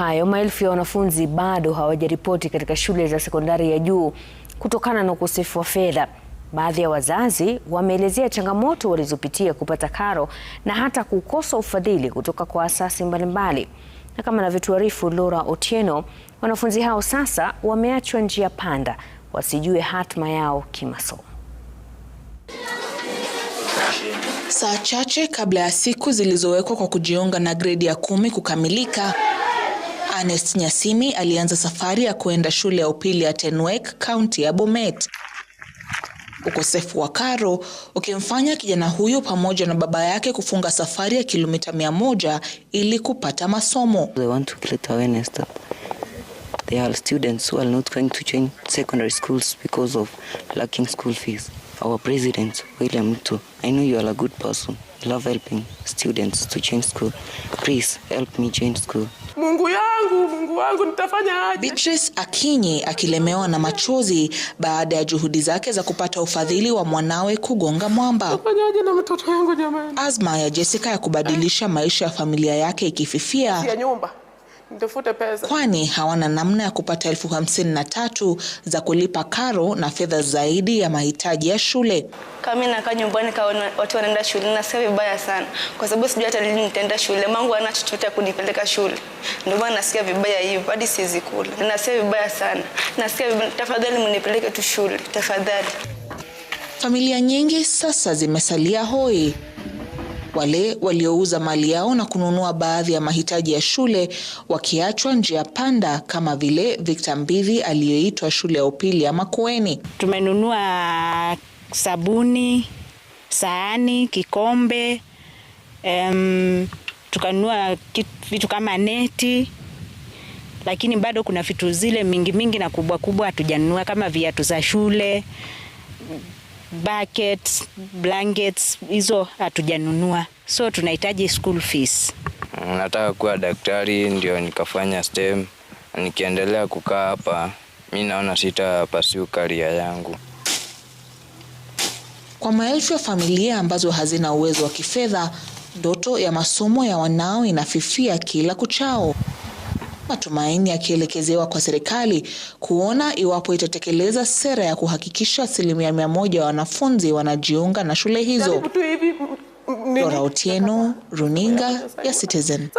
hayo, maelfu ya wanafunzi bado hawajaripoti katika shule za sekondari ya juu kutokana na ukosefu wa fedha. Baadhi ya wazazi wameelezea changamoto walizopitia kupata karo na hata kukosa ufadhili kutoka kwa asasi mbalimbali. Na kama anavyotuarifu Laura Otieno, wanafunzi hao sasa wameachwa njia panda, wasijue hatima yao kimasomo. Saa chache kabla ya siku zilizowekwa kwa kujiunga na gredi ya kumi kukamilika Ernest Nyasimi alianza safari ya kuenda shule ya upili ya Tenwek, kaunti ya Bomet. Ukosefu wa karo ukimfanya kijana huyo pamoja na baba yake kufunga safari ya kilomita mia moja ili kupata masomo. They want to create awareness that there are students who are not going to join secondary schools because of lacking school fees our president William Ruto, I know you are a good person. Love helping students to change school. Please help me change school. Mungu yangu, Mungu wangu nitafanya aje? Beatrice Akinyi akilemewa na machozi baada ya juhudi zake za kupata ufadhili wa mwanawe kugonga mwamba. Nifanyaje na mtoto wangu jamani? Azma ya Jessica ya kubadilisha maisha ya familia yake ikififia. Ya nyumba kwani hawana namna ya kupata elfu hamsini na tatu za kulipa karo na fedha zaidi ya mahitaji ya shule. Kama nakaa nyumbani, kaona watu wanaenda shule, nasikia vibaya sana, kwa sababu sijui hata lini nitaenda shule. Mangu ana chochote ya kunipeleka shule, ndio maana nasikia vibaya hivi, hadi siwezi kula, nasikia vibaya sana, nasikia vibaya. Tafadhali mnipeleke tu shule, tafadhali. Familia nyingi sasa zimesalia hoi wale waliouza mali yao na kununua baadhi ya mahitaji ya shule wakiachwa njia panda kama vile Victor Mbivi aliyoitwa shule ya upili ya Makueni. Tumenunua sabuni, sahani, kikombe, em, tukanunua vitu kama neti lakini bado kuna vitu zile mingi mingi na kubwa kubwa hatujanunua kama viatu za shule buckets, blankets hizo hatujanunua, so tunahitaji school fees. Mm, nataka kuwa daktari ndio nikafanya STEM. Nikiendelea kukaa hapa, mi naona sitapasiu karia yangu. Kwa maelfu ya familia ambazo hazina uwezo wa kifedha, ndoto ya masomo ya wanao inafifia kila kuchao matumaini yakielekezewa kwa serikali kuona iwapo itatekeleza sera ya kuhakikisha asilimia mia moja ya wanafunzi wanajiunga na shule hizo. Dora Otieno, runinga ya Citizen.